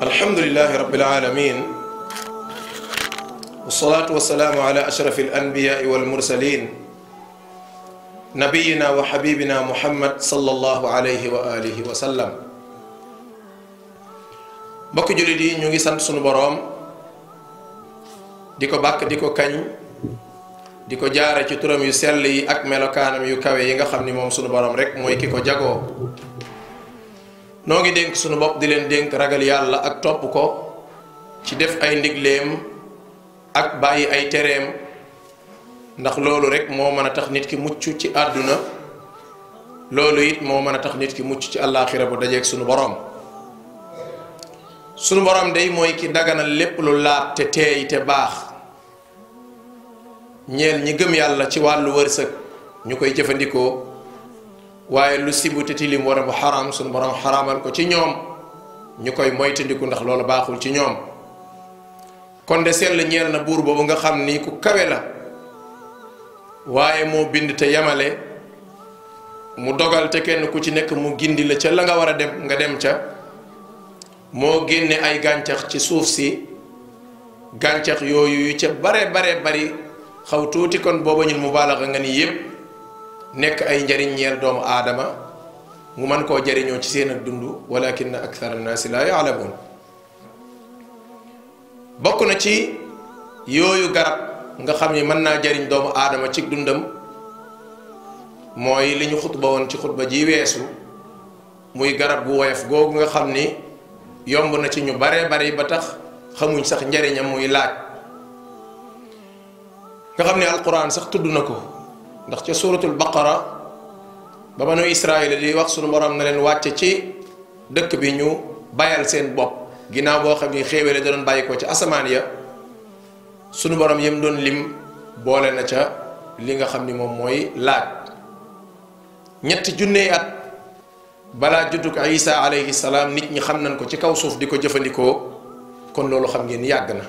الحمد لله رب العالمين والصلاة والسلام على أشرف الأنبياء والمرسلين نبينا وحبيبنا محمد صلى الله عليه وآله وسلم بك جلدي نيجي سنت سنو بروم ديكو باك ديكو كاني ديكو جارة كي ترم يسلي أكمل كانم يكوي ينغا خمني موم سنو بروم ريك موي كيكو جاكو noo ngi dénk sunu bopp di leen dénk ragal yàlla ak topp ko ci def ay ndigleem ak bàyyi ay tereem ndax loolu rek moo mën a tax nit ki mucc ci àdduna loolu it moo mën a tax nit ki mucc ci àllaaxira bu dajeeg sunu boroom sunu boroom day mooy kii dagana lépp lu laat te teey te baax ñeel ñi gëm yàlla ci wàllu wërsëg ñu koy jëfandikoo waaye lu sibuti tilim war a bu xaraam sunu borom xaraamal ko ci ñoom ñu koy moytandiku ndax loolu baaxul ci ñoom kon de sell ñeel na buur boobu nga xam ni ku kawe la waaye moo bind te yamale mu dogal te kenn ku ci nekk mu gindi la ca la nga war a dem nga dem ca moo génne ay gàncax ci suuf si gàncax yooyu yu ca bare bare bari xaw tuuti kon booba ñun mu baalaxa nga ni yépp nekk ay njariñ ñeel doomu aadama mu mën koo jariñoo ci seen ak dund walakin akthar annaasi laa yaalamuun bokk na ci yooyu garab nga xam ni mën naa jariñ doomu aadama ci dundam mooy li ñu xutba woon ci xutba ji weesu muy garab gu woyof googu nga xam ni yomb na ci ñu bare bari ba tax xamuñ sax njariñam muy laaj nga xam ni alquran sax tudd na ko ndax ca suuratul baqara ba banu israel yi wax sunu borom na leen wàcce ci dëkk bi ñu bayal seen bopp ginnaaw boo xam ni xéewale da doon bàyyi ko ci asamaan ya sunu borom yam doon lim boole na ca li nga xam ni moom mooy laaj ñetti junne at balaa juddug isa alayhi salaam nit ñi xam nañ ko ci kaw suuf di ko jëfandikoo kon loolu xam ngeen yàgg na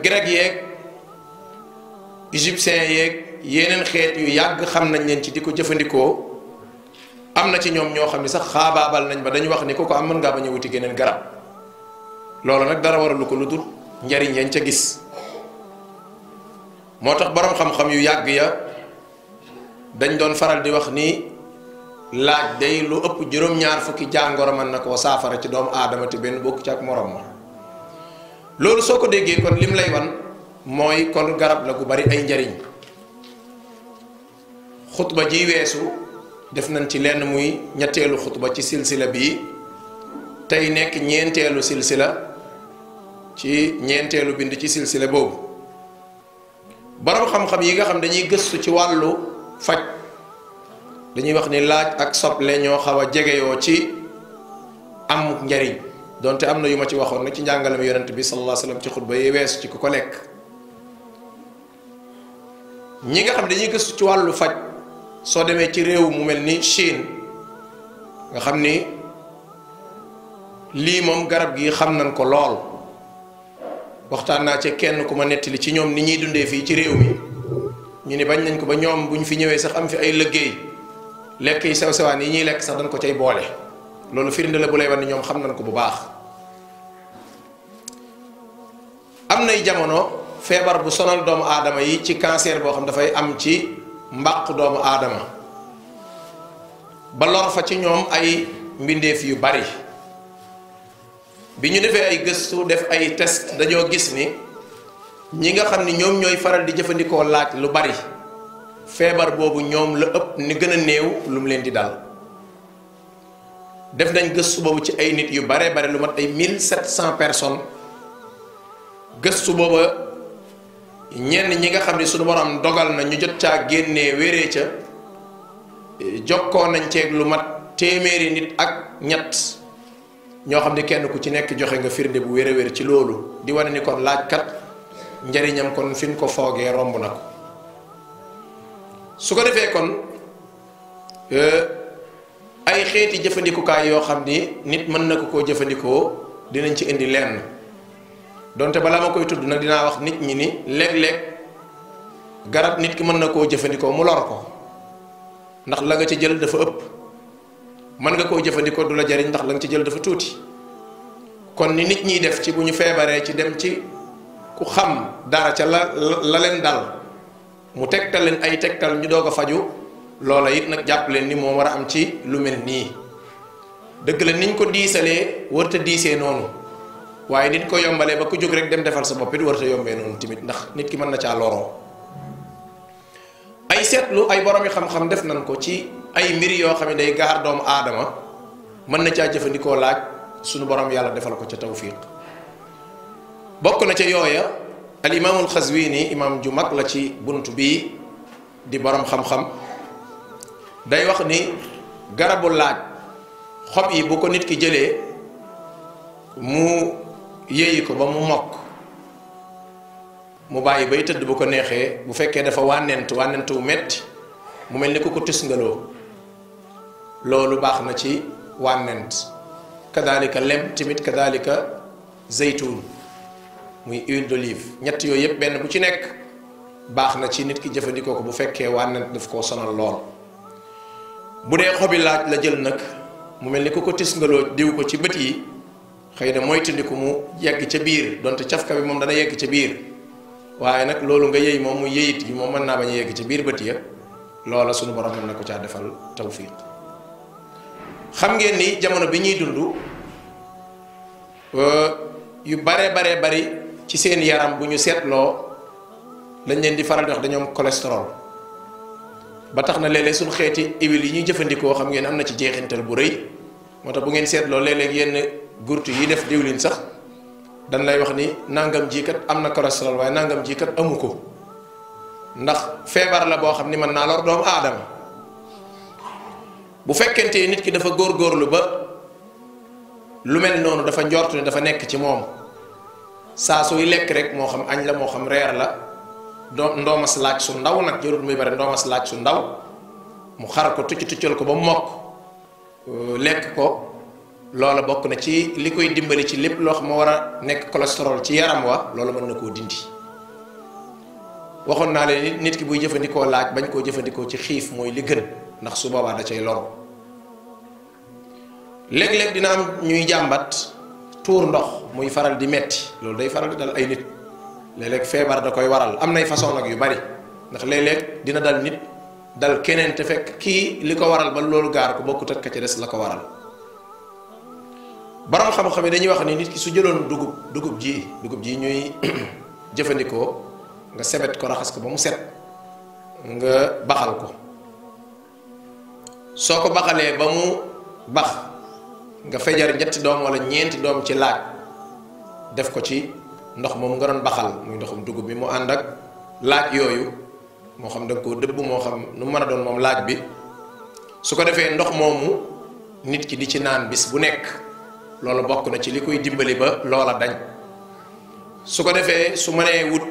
grec yeeg égyptien yeeg yeneen xeet yu yàgg xam nañ leen ci di ko jëfandikoo am na ci ñoom ñoo xam ne sax xaabaabal nañ ba dañu wax ni ko ko am mën ngaa bañ a wuti geneen garab loolu nag dara waralu ko lu dul njariñ yañ ca gis moo tax boroom xam-xam yu yàgg ya dañ doon faral di wax ni laaj day lu ëpp juróom-ñaar fukki jàngoro mën na koo saafara ci doomu aadama te benn bokk ci ak morom ma loolu soo ko déggee kon lim lay wan mooy kon garab la gu bari ay njariñ xutba ji weesu def nañ ci lenn muy ñetteelu xutba ci silsila bii tey nekk ñeenteelu silsila ci ñeenteelu bind ci silsila boobu borom xam-xam yi nga xam dañuy gëstu ci wàllu faj dañuy wax ni laaj ak soble ñoo xaw a jegeyoo ci am njariñ donte am na yu ma ci waxoon nag ci njàngalem yonent bi sallallahu alayhi wasallam ci xutba yi weesu ci ku ko lekk ñi nga xam dañuy gëstu ci wàllu faj soo demee ci réew mu mel ni Chine nga xam ni lii moom garab gi xam nañ ko lool waxtaan naa ci kenn ku ma nettali ci ñoom ni ñuy dundee fii ci réew mi ñu ni bañ nañ ko ba ñoom bu ñu fi ñëwee sax am fi ay liggéey lekk yi sew sewaan yi ñuy lekk sax dañ ko cay boole loolu firnde la bu lay wan ni ñoom xam nañ ko bu baax am nay jamono. feebar bu sonal doomu aadama yi ci cancer boo xam dafay am ci mbàqu doomu aadama ba lor fa ci ñoom ay mbindeef yu bari bi ñu defee ay gëstu def ay test dañoo gis ni ñi nga xam ne ñoom ñooy faral di jëfandikoo laaj lu bari feebar boobu ñoom la ëpp ni gën a néew lu mu leen di daal def nañ gëstu boobu ci ay nit yu bare bare lu mat ay 1700 personnes gëstu booba ñenn ñi nga xam ne suñu borom dogal na ñu jot caa génnee wéree ca e, jokkoo nañ ceeg lu mat téeméeri nit ak ñett ñoo xam ne kenn ku ci nekk joxe nga firnde bu wér a wér ci loolu di wane ni kon laajkat njariñam kon fi ñu ko foogee romb na ko su ko defee kon e, ay xeeti jëfandikukaay yoo xam ni nit mën na ko koo jëfandikoo dinañ ci indi lenn. donte balaa ma koy tudd na dinaa wax nit ñi ni léeg-léeg garab nit ki mën na koo jëfandikoo mu lor ko ndax la nga ca jël dafa ëpp mën nga koo jëfandikoo du la jariñ ndax la nga ca jël dafa tuuti kon ni nit ñiy def ci bu ñu feebaree ci dem ci ku xam dara ca la la leen dal mu tegtal leen ay tegtal ñu doog a faju loola it nag jàpp leen ni moo war a am ci lu mel nii dëgg la niñ ko diisalee warta diisee noonu waaye nit ko yombalee ba ku jóg rek dem defal sa bopp it warta yombee noonu tamit ndax nit ki mën na caa loroo ay seetlu ay borom yi xam-xam def nañ ko ci ay mbir yoo xam ne day gaar doomu aadama mën na caa jëfandikoo laaj suñu borom yàlla defal ko ca tawfiq bokk na ca yooya al imaamul xaswini imaam ju mag la ci bunt bii di borom xam day wax ni garabu laaj xob yi bu ko nit ki jëlee mu yéeyi ko ba mu mokk mu bàyyi bay tëdd bu ko neexee bu fekkee dafa wànnent wànnent wu metti mu mel ni ku ko tisngaloo loolu baax na ci wànnent kadalika lem tamit kadalika zeytuun muy huile d'olive ñett yooyu yëpp benn bu ci nekk baax na ci nit ki jëfandikoo ko bu fekkee wànnent daf koo sonal lool bu dee xobi laaj la jël nag mu mel ni ku ko tisngaloo diw ko ci bët yi xeyna moytandiku mu yegg ca biir donte ka bi moom dana yegg ca biir waaye nag loolu nga yey moom mu yeyit yi moom mën naa bañ yegg ca biir bët ya loola sunu borom mën na ko caa defal tawfiq xam ngeen ni jamono bi ñuy dund euh, yu bare bare bari ci seen yaram bu ñu seetloo lañ leen di faral di wax dañoom cholesterol ba tax na léeg-léeg suñ xeeti iwil yi ñuy jëfandikoo xam ngeen am na ci jeexintal bu rëy moo tax bu ngeen seetloo léeg-léeg yenn gurtu yi def diwlin sax dañ lay wax ni nangam ji kat am na cholestérol waaye nangam jii kat amu ko ndax feebar la boo xam ni mën naa lor doomu aadama bu fekkente nit ki dafa góor góorlu ba lu mel noonu dafa njort ne dafa nekk ci moom saa suy lekk rek moo xam añ la moo xam reer la doo ndoomas laaj su ndaw nag jarut muy bare ndoomas laaj su ndaw mu xar ko tucc tuccal ko ba mokk lekk ko. loola bokk na ci li koy dimbali ci lépp loo xam ma war a nekk cholestérol ci yaram wa loola mën na koo dindi waxoon naa leen nit ki buy jëfandikoo laaj bañ koo jëfandikoo ci xiif mooy li gën ndax su boobaa da cay loro léeg-léeg dina am ñuy jàmbat tuur ndox muy faral di metti loolu day faral di dal ay nit léeg-léeg feebar da koy waral am nay façon nag yu bari ndax léeg dina dal nit dal keneen te fekk kii li ko waral ba loolu gaar ko bokkut ak ka ca des la ko waral borom xam xam dañuy wax ni nit ki su jëloon dugub dugub ji dugub ji ñuy jëfandikoo nga sebet ko raxas ko ba mu set nga baxal ko soo ko baxalee ba mu bax nga fejar ñetti doom wala ñeenti doom ci laaj def ko ci ndox moom nga doon baxal muy ndoxum dugub bi mu ànd laaj yooyu moo xam da ko dëbb xam nu mën doon moom laaj bi su ko defee ndox moomu nit ki di ci naan bis bu nekk loolu bokk na ci li koy dimbali ba loola dañ su ko defee su mënee wut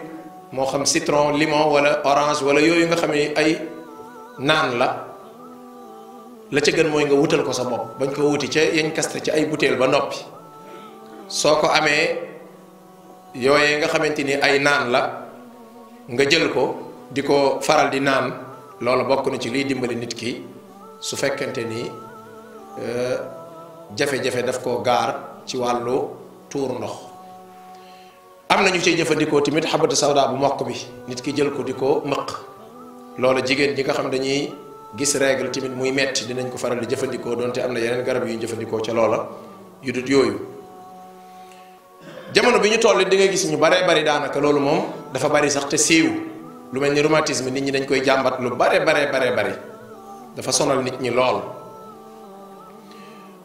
moo xam citron limon wala orange wala yooyu nga xam ne ay naan la la ca gën mooy nga wutal ko sa bopp bañ ko wuti ca yañ ci ay butéel ba noppi soo ko amee yooyee nga xamante ni ay naan la nga jël ko di ko faral di naan loolu bokk na ci liy dimbali nit ki su fekkente ni. Euh, jafe-jafe daf koo gaar ci wàllu tuur ndox am na ñu ciy jëfandikoo tamit xabatu sawda bu mokk bi nit ki jël ko di ko mëq loolu jigéen ji nga xam dañuy gis règle tamit muy metti dinañ ko faral di jëfandikoo donte am na yeneen garab yu ñu jëfandikoo ca loola yu dut yooyu jamono bi ñu toll di nga gis ñu baree bari daanaka loolu moom dafa bari sax te siiw lu mel ni rhumatisme nit ñi dañ koy jàmbat lu bare bare bare bari dafa sonal nit ñi lool.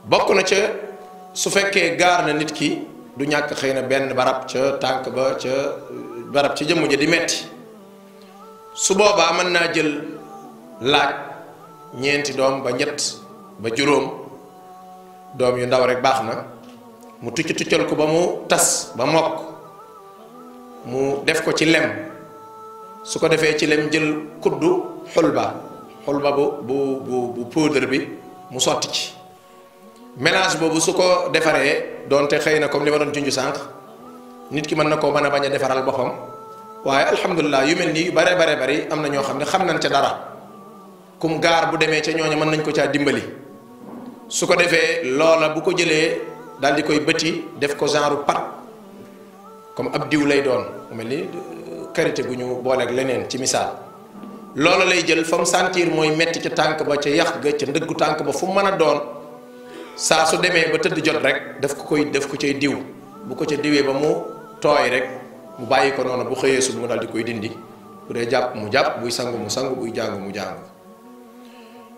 bokk na ca su fekkee gaar na nit ki du ñàkk xëy na benn barab ca tànk ba ca barab ca jëmm ja di metti su boobaa mën naa jël laaj ñeenti doom ba ñett ba juróom doom yu ndaw rek baax na mu tucc tuccal ko ba mu tas ba mokk mu def ko ci lem su ko defee ci lem jël kuddu xulba xulba bu bu bu puudar bi mu sotti ci mélange boobu su ko defaree donte xëy na comme li ma doon junj sànq nit ki mën na koo mën a bañ a defaral boppam waaye alhamdulilah yu mel nii yu bare bare bari am na ñoo xam ne xam nañ ca dara comme gaar bu demee ca ñooña mën nañ ko caa dimbali su ko defee loola bu ko jëlee daal di koy bëti def ko genre pat comme ab diw lay doon mu mel ni euh, karité gu ñu booleeg leneen ci misaal loola lay jël fa mu mooy metti ca tànk ba ca yàq ga ca ndëggu tànk ba fu mu mën a doon saa su demee ba tëdd jot rek daf ko koy daf ko cay diw bu ko ca diwee ba mu tooy rek mu bàyyi ko noonu bu xëyee su mu daal di koy dindi bu dee jàpp mu jàpp buy sangu mu sangu buy jàng mu jàng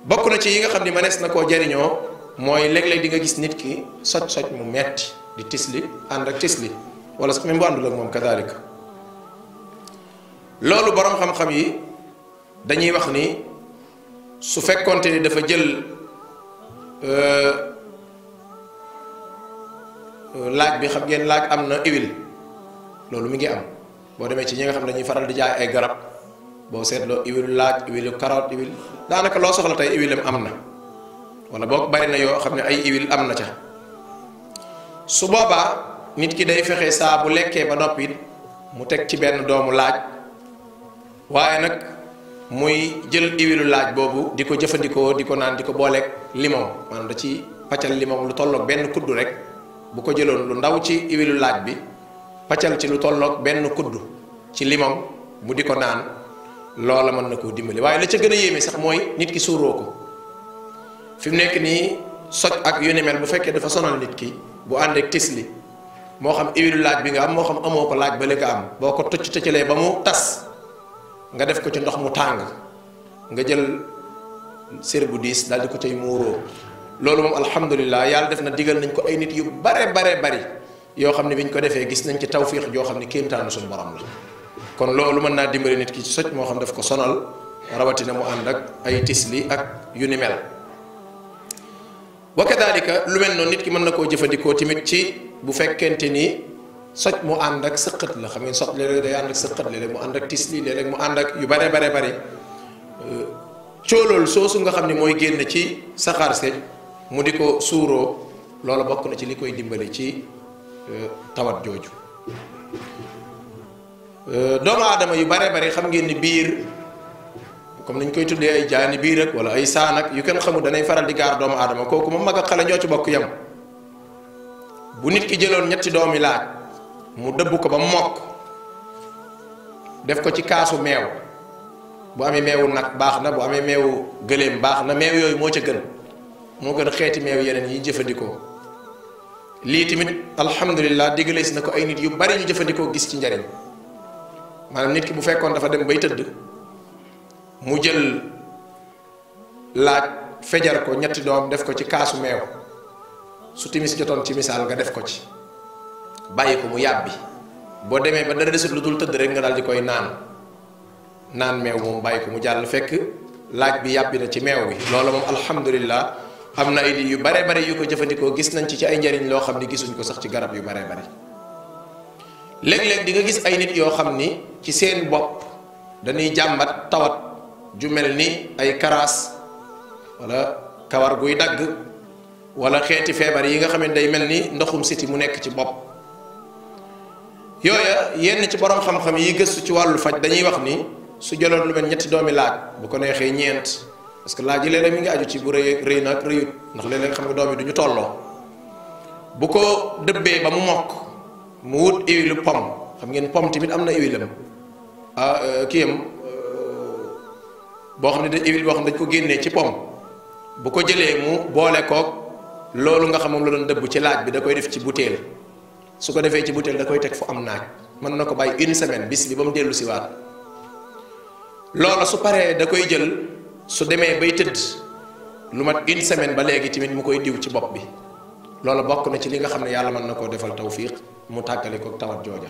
bokk na ci yi nga xam ni manees na koo jariñoo mooy léeg-léeg di nga gis nit ki soj soj mu metti di tisli ànd ak tisli wala sax même bu moom kadalik loolu boroom xam-xam yi dañuy wax ni su fekkonte ni dafa jël. Euh, laaj bi xam ngeen laaj am na huile loolu mu ngi am boo demee ci ñi xam ne dañuy faral di jaay ay garab boo seetloo huile laaj huile carotte huile daanaka loo soxla tey huile am na wala boo bari na yoo xam ne ay huile am na ca su boobaa nit ki day fexe saa bu lekkee ba noppi mu teg ci benn doomu laaj waaye nag muy jël huile laaj boobu di ko jëfandikoo di ko naan di ko booleeg limon maanaam da ci paccal limon lu tolloog benn kuddu rek. bu ko jëloon lu ndaw ci iwilu laaj bi paccal ci lu tolloog benn kudd ci limam mu di ko naan loola mën na koo dimbali waaye la ca gën a yéeme sax mooy nit ki suuroo ko fi mu nekk nii soj ak yu ni mel bu fekkee dafa sonal nit ki bu ànd ak tisli moo xam iwilu laaj bi nga am moo xam amoo ko laaj ba li nga am boo ko tëcc tëccalee ba mu tas nga def ko ci ndox mu tàng nga jël sér bu diis daal di ko cay muuroo loolu moom alhamdulilah yàlla def na digal nañ ko ay nit yu bare bare bari yoo xam ne bi ñu ko defee gis nañ ci tawfiix joo xam ne kéemtaanu suñu borom la kon loolu mën naa dimbali nit ki ci moo xam daf ko sonal rawatina mu ànd ak ay tisli ak yu ni mel wa kadalika lu mel noonu nit ki mën na koo jëfandikoo tamit ci bu fekkente ni soj mu ànd ak sëqët la xam ngeen soj léeg-léeg day ànd ak sëqët léeg-léeg mu ànd ak tisli léeg-léeg mu ànd ak yu bare bare bari coolool soosu nga xam ne mooy génn ci saxaar se mu di ko suuroo loola bokk na ci li koy dimbali ci euh, tawat jooju euh, doomu aadama yu bare bare xam ngeen ni biir comme nañ koy tuddee ay jaani biir ak wala ay saan ak yu kenn xamul danay faral di gaar doomu aadama kooku moom mag a xale ñoo ci bokk yam bu nit ki jëloon ñetti doomi laaj mu dëbb ko ba mokk def ko ci kaasu meew bu amee meewu nag baax na bu amee meewu gëléem baax na meew yooyu moo ca gën moo gën xeeti meew yeneen yi jëfandikoo lii tamit alhamdulilah diggalees na ko ay nit yu bari ñu jëfandikoo gis ci njariñ maanaam nit ki bu fekkoon dafa dem bay tëdd mu jël laaj fejar ko ñetti doom def ko ci kaasu meew su timis jotoon ci misaal nga def ko ci bàyyi ko mu yàbbi boo demee ba dara desut lu dul tëdd rek nga daal di koy naan naan meew moom bàyyi ko mu jàll fekk laaj bi yàbbi na ci meew bi loolu moom alhamdulilah am na ay lii yu bare bare yu ko jëfandikoo gis nañ ci ci ay njariñ loo xam ni gisuñ ko sax ci garab yu bare bare léeg-léeg di nga gis ay nit yoo xam ni ci seen bopp dañuy jàmbat tawat ju mel ni ay karaas wala kawar guy dagg wala xeeti feebar yi nga xam ne day mel ni ndoxum siti mu nekk ci bopp yooya yenn ci boroom xam-xam yi gëstu ci wàllu faj dañuy wax ni su jëloon lu mel ñetti doomi laaj bu ko neexee ñeent parce que laaj yi léeg-léeg mi ngi aju ci bu rëy rëy nag rëyut ndax léeg-léeg xam nga doom yi du ñu tolloo bu ko dëbbee ba mu mokk mu wut huile pomme xam ngeen pom tamit am na huile am ah euh, kii am euh, boo xam ne da huile boo xam ne dañ ko génnee ci pomme bu ko jëlee mu boole koog loolu nga xam moom la doon dëbb ci laaj bi da koy def ci butéel su ko defee ci butéel da koy teg fu am naaj mën na ko bàyyi une semaine bis bi ba mu dellu si waat loola su paree da koy jël. su demee bay tëdd lu mat une semaine ba léegi tamit mu koy diw ci bopp bi loolu bokk na ci li nga xam ne yàlla mën na koo defal tawfiq mu tàggale ko tawat jooja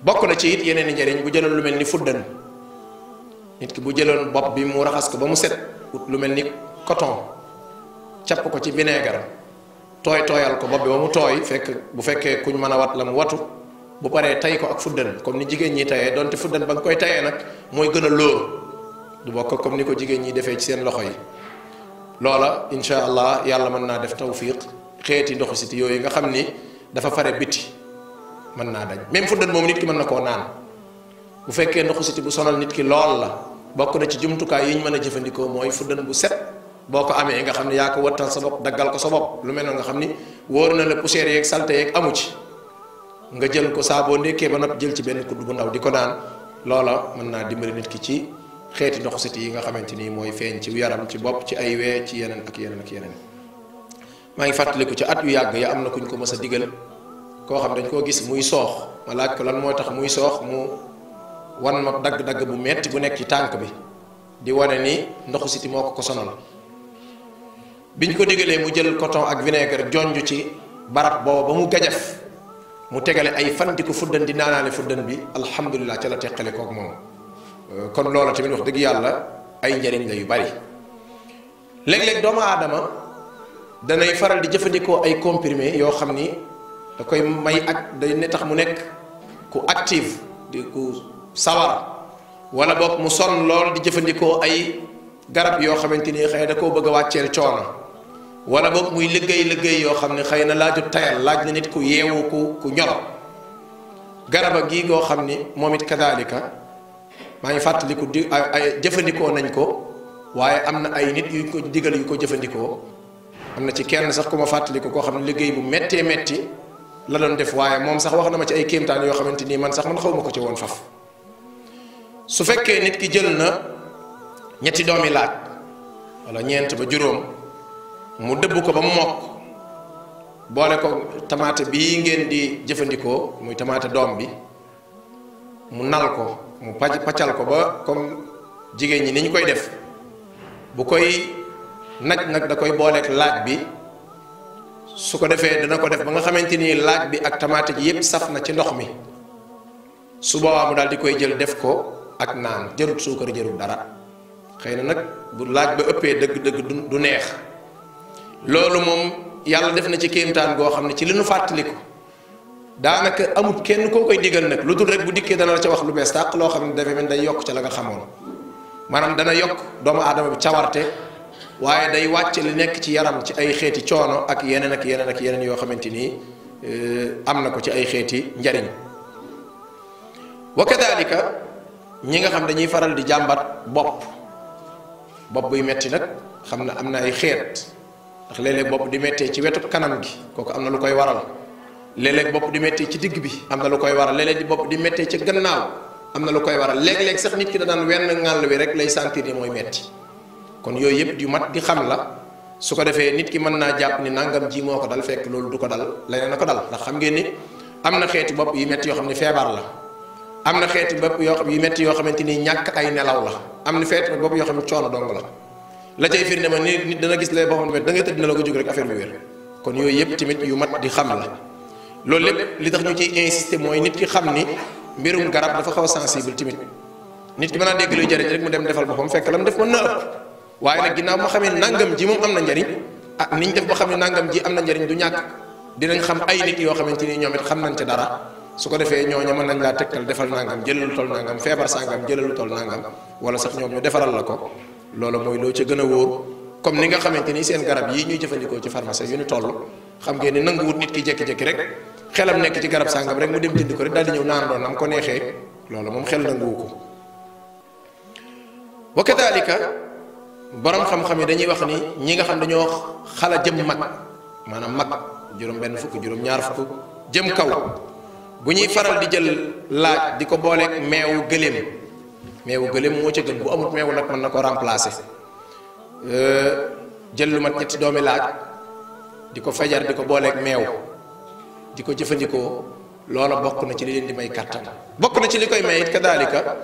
bokk na ci it yeneen i njëriñ bu jëloon lu mel ni fuddan nit ki bu jëloon bopp bi mu raxas ko ba mu set ut lu mel ni coton capp ko ci vinaigre tooy tooyal ko bopp bi ba mu tooy fekk bu fekkee kuñ mën a wat la mu watu bu paree tey ko ak fuddan comme ni jigéen ñi tayee donte fuddan ba nga koy tayee nag mooy gën a lóor du bokk comme ni ko jigéen ñi defee ci seen loxo yi loola incha allah yàlla mën naa def tawfiq xeeti ndoxu siti yooyu nga xam ni dafa fare biti mën naa dañ même fuddat moom nit ki mën na koo naan bu fekkee ndoxu siti bu sonal nit ki lool la bokk na ci jumtukaay yi ñu mën a jëfandikoo mooy fuddan bu set boo ko amee nga xam ne yaa ko wattal sa bopp daggal ko sa bopp lu mel noonu nga xam ni wóor na la poussière yeeg saleté yeeg amu ci nga jël ko saa boo ndekkee ba nopp jël ci benn kudd bu ndaw di ko naan loola mën naa dimbali nit ki ci xeeti ndoxsiti yi nga xamante ni mooy feeñ ci yaram ci bopp ci ay wee ci yeneen ak yeneen ak yeneen maa ngi fàttaliku ci at yu yàgg ya am na kuñ ko mës a digal koo xam dañ koo gis muy soox ma laaj ko lan mooy tax muy soox mu wan ma dagg-dagg bu metti bu nekk ci tànk bi di wane ni ndoxu siti moo ko ko sonal biñ ko digalee mu jël coton ak vinaigre jonj ci barab booba ba mu gajaf mu tegale ay fan di ko fuddan di naanaale fuddan bi alhamdulilah ca la teqale koog moom kon loola tamit wax dëgg yàlla ay njariñ la yu bari léeg-léeg doomu aadama danay faral di jëfandikoo ay comprimé yoo xam ni da koy may ak day ne tax mu nekk ku active di ku sawar wala boog mu sonn lool di jëfandikoo ay garab yoo xamante ni xëy da koo bëgg a wàcceel coono wala boog muy liggéey liggéey yoo xam ne xëy na laaju tayal laaj na nit ku yeewu ku ku ñor garaba gii goo xam ni moom it kadaalika maa ngi fàttaliku di ay jëfandikoo nañ ko waaye am na ay nit yu ko digal yu ko jëfandikoo am na ci kenn sax ku ma fàttaliku koo xam ne liggéey bu méttee métti la doon def waaye moom sax wax na ma ci ay kéemtaan yoo xamante nii man sax man xaw ko ci woon faf su fekkee nit ki jël na ñetti doom yi laaj wala ñeent ba juróom mu dëbb ko ba mu mokk boole ko tamaate bii ngeen di jëfandikoo muy tamaate doom bi mu nal ko mu pàcc paccal ko ba comme jigéen ñi ni ñu koy def bu koy nag nag da koy booleeg laaj bi su ko defee dana ko def ba nga xamante ni laaj bi ak tamaate ji yépp saf na ci ndox mi su boobaa mu daal di koy jël def ko ak naan jërut suukar jërut dara xëy na nag bu laaj ba ëppee dëgg-dëgg du neex loolu moom yàlla def na ci kéemtaan goo xam ne ci li nu fàttaliku daanaka amut kenn koo koy digal nag lu dul rek bu dikkee dana la ca wax lu bees tàq loo xam ne dafay mel day yokk ca la nga xamoon maanaam dana yokk doomu aadama bi cawarte waaye day wàcc li nekk ci yaram ci ay xeeti coono ak yeneen ak yeneen ak yeneen yoo xamante ni eh, am na ko ci ay xeeti njariñ wa kadalika ñi nga xam dañuy faral di jàmbat bopp bopp buy metti nag xam na am na ay xeet ndax léeg bopp di mettee ci wetu kanam gi kooku am na lu koy waral léeg bop di metti ci digg bi am lu koy waral léeg di bop di méttee ci gannaaw am lu koy waral leg leg sax nit ki da daan wenn ngal wi rek lay sentir moy metti kon yoy yep di mat di xam la su ko defee nit ki man na japp ni nangam ji moko dal fek lolou du ko dal lene nako dal ndax xam ngeen ni am na bop yi metti yo xamni febar la am na bop yo xam yi metti yo xamanteni ni ay nelaw la am fet bop yo xam ne dong la la cay firne ma nit dana gis bopam boppam da ngay na la ko jóg rek affaire bi wer kon yoy yep timit yu mat di xam la Lolip, lepp li tax ñu ci insister moy nit ki xamni mbirum garab dafa xaw sensible timit nit ki mëna dégg luy muda rek mu dem defal bopam fekk lam def ko na ëpp waaye nag ma xamé nangam ji mom amna na njariñ ah niñ def ba xamni nangam ji amna na njariñ du ñak dinañ xam ay nit yo xamanteni ni xam nañ ci dara su ko defé ñoo ñama nañ la tekkal defal nangam jëlul tol nangam feebar sangam jëlul tol nangam wala sax ñoom ñu defaral la ko loolu moy lo ci gëna woor comme ni nga xamanteni seen garab yi ñuy jëfëndiko ci pharmacie yu ñu toll xam ngeen ni wut nit ki jekki-jekki rek xelam nek ci garab sangam rek mu dem jënd ko rek dal di ñew naan doon nam ko nexé loolu mom xel nanguwu ko wa kadhalika borom xam-xam yi dañuy wax ni ñi nga xam dañoo xala jëm mag manam mag juroom ben fukk juroom ñaar fukk jëm kaw bu ñuy faral di jël laaj di ko ak meewu gëléem meewu gëléem mo ci gën bu amut meewu nak man nako remplacer euh jël lu mat ñetti doomi laaj di ko fajar di ko ak meewu di ko jëfandikoo loola bokk na ci li leen di may kàttan bokk na ci li koy may it kadaalika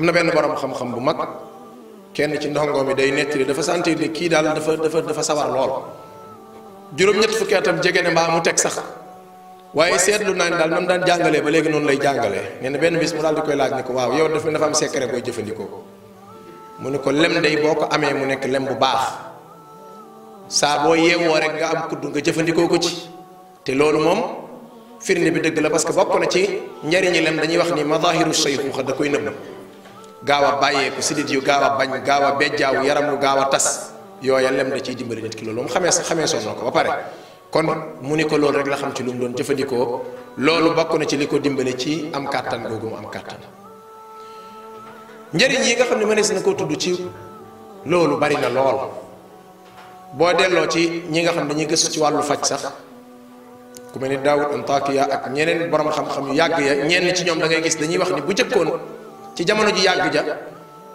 am na benn borom xam-xam bu mag kenn ci ndox ndongoom bi day nettali dafa sentir ne kii daal dafa dafa dafa sawar lool juróom-ñett fukki atam jege ne mbaa mu teg sax waaye seetlu naa ne daal nam daan jàngalee ba léegi noonu lay jàngale nee benn bis mu daal di koy laaj ne ko waaw yow daf dafa am secret booy jëfandikoo mu ne ko lem day boo ko amee mu nekk lem bu baax. saaboo boo yeewoo rek nga am kuddu nga jëfandikoo ko ci te loolu moom firnde bi dëgg la parce que bokk na ci njariñi lem dañuy wax ni madahiru sayxuuxa da koy nëbb gaaw a bàyyeeku sidit yu gaaw a bañ gaaw a bejjaaw yaram lu gaaw a tas yooya lem da ciy dimbali nit ki loolu moom xamee xamee soon na ko ba kon mu ni ko loolu rek la xam ci lu doon jëfandikoo loolu bokk na ci li ko ci am kàttan googu mu am kàttan yi nga xam ne mënees na koo tudd ci loolu bari na lool bo delo ci ñi nga xam dañuy gëss ci walu fajj sax ku melni daawud antakiya ak ñeneen borom xam-xam yu yàgg ya ñen ci ñom da ngay gis dañuy wax ni bu ci jamono ji yàgg ja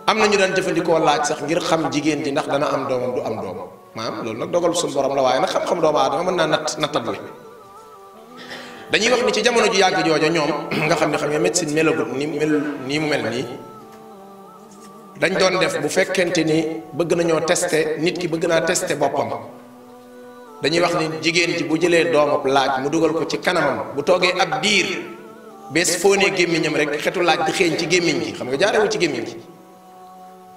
am ñu daan jëfëndiko laaj sax ngir xam jigéen ji ndax dana am doom du am doom maam lool nak dogal sun borom la way nag xam-xam doom adam mën na nat natable dañuy wax ni ci jamono ju yàgg jojo ñom nga xam ne xam ya medicine melagul ni mel ni mu mel ni. dañ doon def bu fekkente ni bëgg nañoo teste nit ki bëgg naa teste boppam dañuy wax ni jigéen ji bu jëlee doomam laaj mu dugal ko ci kanamam bu toogee ab diir bés foo nee gémmiñam rek xetu laaj di xeeñ ci gémmiñ gi xam nga jaarewu ci gémmiñ gi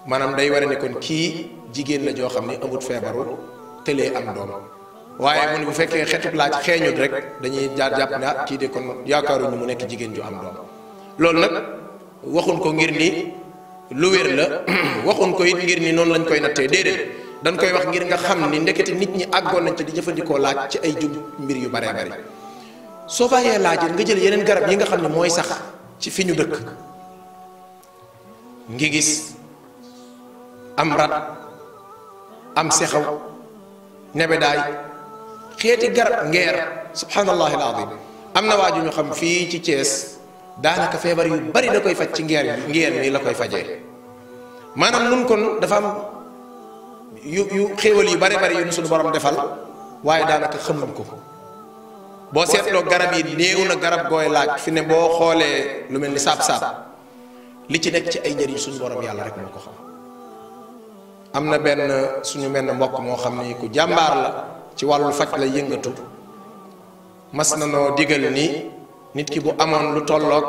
maanaam day wara ne kon kii jigéen la joo xam ne amut feebaru tëlee am doom waaye mu ne bu fekkee xetu laaj xeeñut rek dañuy jaar jàpp ne ah kii de kon yaakaaruñu mu nekk jigéen ju am doom loolu nag waxuñ ko ngir ni lu wér la waxuñ ko it ngir ni noonu lañ koy nattee déedéet dañ koy wax ngir nga xam ni ndekete nit ñi àggoon nañ ci di jëfandikoo laaj ci ay jub mbir yu baree bari soo bàyyee laajee nga jël yeneen garab yi nga xam ne mooy sax ci fi ñu dëkk ngi gis am rat am sexaw nebedaay xeeti garab ngeer subhaanallahil azim am na waaju ñu xam fii ci Thiès danaka febar yu bari da koy faj ci ngeer mi la koy fajee manam nun kon dafa am yu yu xewal yu bari bari yu sunu borom defal waaye daanaka xamnu ko bo seetloo garab yi neewuna garab goy laak fi ne bo xoolee lu melni sap sap li ci nek ci ay njëriñ sunu borom yalla rek moo ko xam amna ben suñu mbokk mo xamni ku jambar la ci walul la yëngatu mas no digal ni nit ki bu amone lu tolloog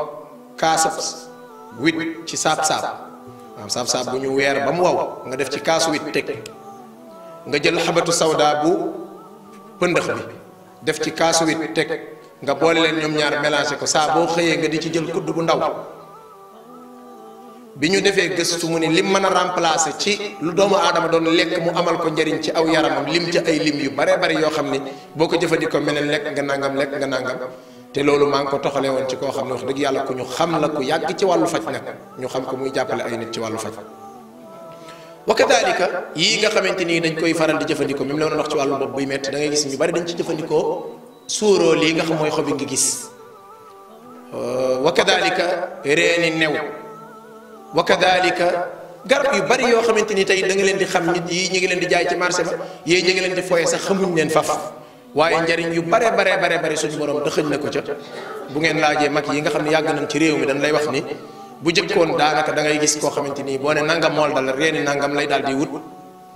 kaasa wit ci sap sap am sap sap bu ñu wër bam waw nga def ci kaasu wit tek nga jël habatu sawda bu pëndëx bi def ci kaasu wit tek nga bolé len ñom ñaar mélanger ko sa bo xeyé nga di ci jël kuddu bu ndaw bi ñu mu ni lim mëna remplacer ci lu doomu adama doon lek mu amal ko njariñ ci aw yaramam lim ci ay lim yu bare bare yo xamni boko jëfëndiko lek nga nangam lek nga nangam te lolu maa ko toxalé won ci ko xamni wax deug yàlla ku ñu xam la ku yàgg ci walu fajj nak ñu xam ko muy jàppale ay nit ci walu fajj wa kadalika yi nga xamanteni dañ koy faral di jëfëndiko mim la wax ci walu bop buy metti da ngay gis ñu bari dañ ci jëfëndiko suuro li nga xam moy xobi ngi gis wa kadalika reeni new wa kadalika garab yu bari yo xamanteni tay da nga leen di xam nit yi ñi ngi leen di jaay ci marché ba yéen ñi ngi leen di foye sax xamuñ leen faaf waaye njariñ yu bare bare bare bare suñu borom dëxëñ na ko ca bu ngeen laajee mag yi nga xam ne yàgg nañ ci réew mi dañ lay wax ni bu jëkkoon daanaka da ngay gis koo xamante nii boo ne nangam mool dal reeni nangam lay daal di wut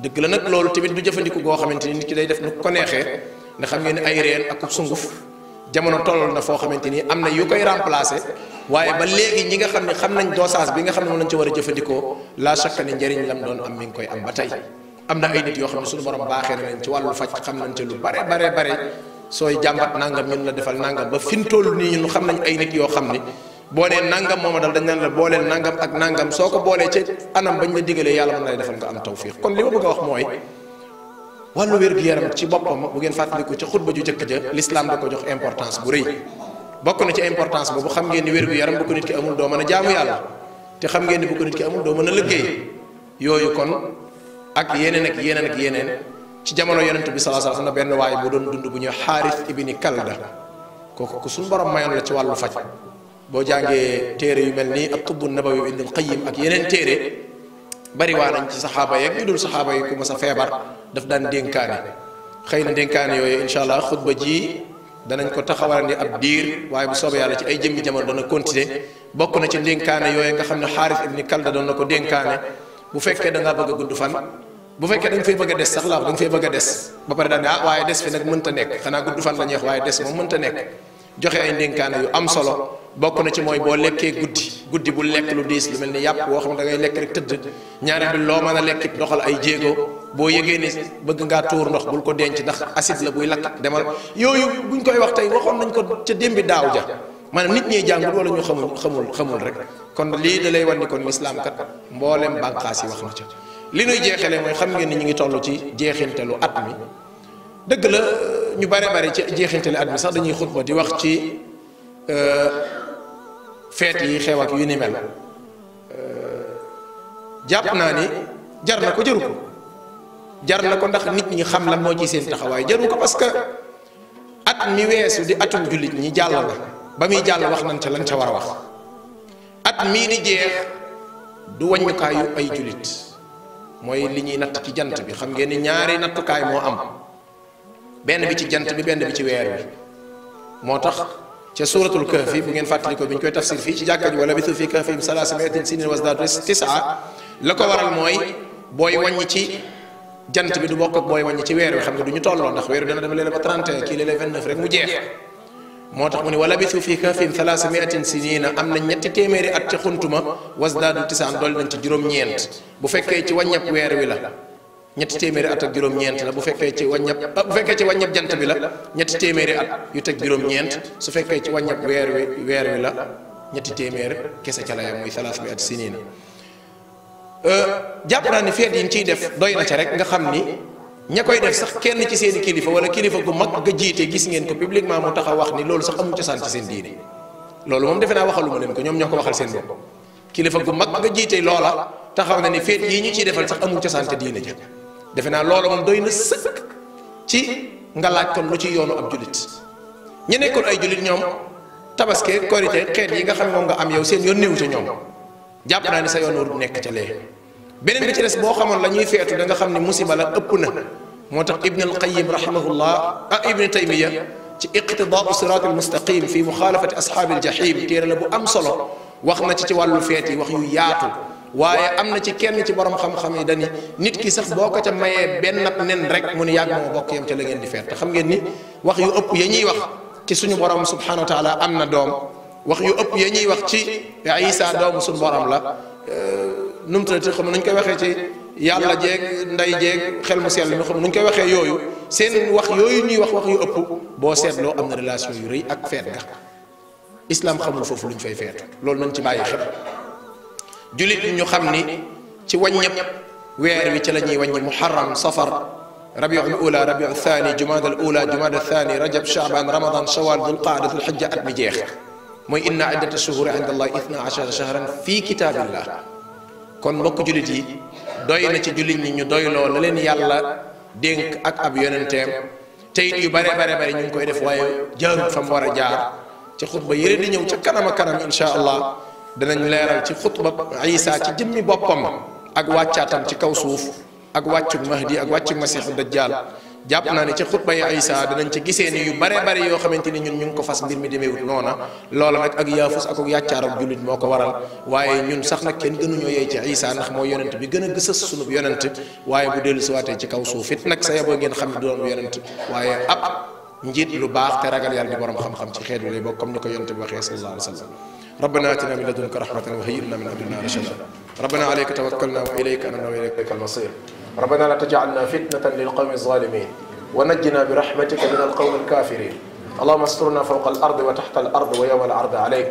dëgg la nag loolu tamit du jëfandiku goo xamante ni nit ki day def nu ko neexee nga xam ngeen ne ay reen ak sunguf jamono toll na foo xamante ni am na yu koy remplacer waaye ba léegi ñi nga xam ne xam nañ dosage bi nga xam ne moom lañ ci war a jëfandikoo la chaque ne njëriñ lam doon mi ngi koy am ba tey am na ay nit yoo xam ne suñu borom baaxee na leen ci wàllu faj xam nañ ci lu bare bare bare sooy jàmbat nangam ñun la defal nangam ba fin toll nii ñun xam nañ ay nit yoo xam ne boo nee nangam moom dal dañ naan la booleel nangam ak nangam soo ko boolee anam bañ la digalee yàlla mën na lay defal nga am tawfiq kon li ma bëgg a wax mooy wàllu wér-gu-yaram ci boppam bu ngeen fàttaliku ci xutba ju jëkk ja l'islam da ko jox importance bu rëy bokk na ci importance boobu xam ngeen ni wér-gu-yaram bu ko nit ki amul doo mën a jaamu yàlla te xam ngeen ni bu ko amul doo mën a liggéey yooyu ak yenen, ak yenen, ak yenen. ci jamono yonent bi sallallahu sallam wasallam ben way bu doon dund bu ñuy xaaris ibni kalda koku ku sun borom mayon la ci walu faj bo jange tere yu melni at-tubu nabawi ibn al-qayyim ak yenen tere bari wa nañ ci sahaba yak ñu dul sahaba yi ku ma sa febar daf daan dénkaane xeyna na yoy inshallah khutba ji danañ ko ni ab dir way bu soobee yalla ci ay jëmmi jamono dana continuer bokku na ci dénkaane yoy nga xamne ibn ibni kalda doon na ko dénkaane bu fekke da nga bëgg fan bu fekkee da nga fay bëgg a des sax laa da nga fay bëgg a des ba pare daal ne ah waaye des fi nag mënta nekk xanaa gudd fan la ñuy wax waaye des moom mënta nekk joxe ay ndénkaane yu am solo bokk na ci mooy boo lekkee guddi guddi bu lekk lu diis lu mel ni yàpp woo xam ne da ngay lekk rek tëdd ñaari bi loo mën a lekkit doxal ay jéego boo yëgee ni bëgg ngaa tuur ndox bul ko denc ndax acide la buy lakk demal yooyu buñ koy wax tey waxoon nañ ko ca démbi daaw ja maanaam nit ñiy jàngul wala ñu xamul xamul xamul rek kon lii da lay wan ni kon lislaam kat mboolem bànqaas yi wax na ca li nuy jeexale mooy xam ngeen ni ñu ngi toll ci jeexintalu at mi dëgg la ñu bare bare ci jeexintalu at mi sax dañuy xutba di wax ci euh, feet yi xew ak yu ni mel euh, jàpp naa ni jar na ko jaru ko jar na ko ndax nit ñi xam lan moo ci seen taxawaay jaru ko parce que at mi weesu di atum jullit ñi jàll la ba muy jàll wax nañ ca lañ ca war a wax at mii di jeex du wàññukaayu ay jullit mooy li ñuy natt ci jant bi xam ngeen ni ñaari nattukaay moo am benn bi ci jant bi benn bi ci weer bi moo tax ca suuratul kahfi bu ngeen fàttali ko bi ñu koy tafsir fii ci jàkka ji wala bisu fii kahfihim salaasa mi'atin sinin wasdaadu tisaa la ko waral mooy booy wàññi ci jant bi du bokk ak booy wàññi ci weer wi xam nga du ñu tolloo ndax weer dana dema léeg-léeg ba 31 kii léeg-léeg 29 rek mu jeex moo tax mu ne wala bisu fii kafin thalaasa miatin sinina am na ñetti téeméeri at ci xuntuma wasdaadu tisaan dolli nañ ci juróom bu fekkee ci wàññab weer wi la ñetti téeméeri at ak juróom-ñeent la bu fekkee ci wàññab ah, bu fekkee ci wàññab jant bi la ñetti téeméeri at yu teg juróom-ñeent su fekkee ci wàññab weer wi weer wi la ñetti téeméer kese ca la yam muy thalaasa si sinina euh, jàpp naa ni feet yi ñu ciy def doy na ca rek nga xam ni ña koy def sax kenn ci seen kilifa wala kilifa gu mag nga jiite gis ngeen ko publiquement mu taxaw wax ni loolu sax amul cosaan ci seen diine loolu moom defe naa waxaluma leen ko ñoom ñoo ko waxal seen bopp kilifa gu mag nga jiite loola taxaw na ni feet yii ñu ciy defal sax amul cosaan te diine ja defe naa loola moom doy na sëkk ci nga laaj kon lu ci yoonu ab julit ñu nekkoon ay julit ñoom tabaske korite xeet yi nga xam moom nga am yow seen yoon néew ca ñoom jàpp naa ni sa yoon war nekk ca lee beneen bi ci des boo xamoon la ñuy feetu da nga xam ne musiba la ëpp na moo tax ibn alqayim rahimahullah ah ibn taymiya ci iqtidaau sirat almustaqim fi muxaalafati ashaabi aljahim téere la bu am solo wax na ci ci wàllu feet yi wax yu yaatu waaye am na ci kenn ci borom xam-xam yi dani nit ki sax boo ko ca mayee benn ab nen rek mu ne yàgg moo bokk yam ca la ngeen di feet te xam ngeen ni wax yu ëpp ya ñuy wax ci suñu borom subhanahu wa taala am na doom wax yu ëpp ya ñuy wax ci isa doomu suñu borom la nu mu tëddee xam nañ koy waxee ci yàlla jeeg nday jeeg xel mu sell mi xam nañ koy waxee yooyu seen wax yooyu ñuy wax wax yu ëpp boo seetloo am na relation yu rëy ak feet ga islam xamul foofu lu ñu fay feetu loolu nañ ci bàyyi xel jullit ñu xam ni ci wàññëpp weer wi ci la ñuy wàññi muharram safar rabiul ula rabiul thani jumaad al ula jumaad al thani rajab shaaban ramadan shawal dul qaada dul xijja at mi jeex mooy inna iddata shuhuri inda allah ithna ashara shahran fi kitabillah kon mbokk jullit yi doy na ci jullit ñi ñu doyloo la leen yàlla dénk ak ab yonenteem te it yu bare bare bare ñu ngi koy def waaye jaarut fa mu war a jaar ci xutba yére di ñëw ca kanam a kanam insha allah danañ leeral ci xutba isa ci jëmmi boppam ak wàccaatam ci kaw suuf ak wàccug mahdi ak wàccug masiixu dajjaal jàpp naa ne ci xutba yi Aïssa danañ ca gisee ni yu bare bare yoo xamante ni ñun ñu ngi ko fas mbir mi demeewut noona loola nag ak yaafus ak jullit moo ko waral waaye ñun sax nag kenn gënuñoo yey ci Aïssa ndax mooy yonent bi gën a gësës sunub yonent waaye bu dellu siwaatee ci kaw suuf it nag sa yaboo ngeen xam ne doon yonent waaye ab njiit lu baax te ragal yàlla borom xam-xam ci xeet wi lay bokk comme ni ko yonent bi waxee sallallahu alayhi ربنا لا تجعلنا فتنة للقوم الظالمين ونجنا برحمتك من القوم الكافرين اللهم استرنا فوق الأرض وتحت الأرض ويوم العرض عليك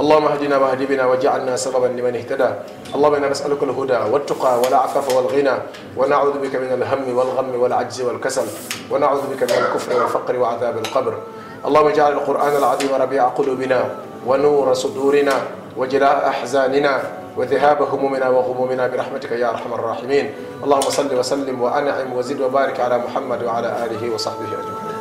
اللهم اهدنا واهد بنا واجعلنا سببا لمن اهتدى اللهم انا نسالك الهدى والتقى والعفاف والغنى ونعوذ بك من الهم والغم والعجز والكسل ونعوذ بك من الكفر والفقر وعذاب القبر اللهم اجعل القران العظيم ربيع قلوبنا ونور صدورنا وجلاء احزاننا وذهاب همومنا وغمومنا برحمتك يا ارحم الراحمين اللهم صل وسلم وانعم وزد وبارك على محمد وعلى اله وصحبه اجمعين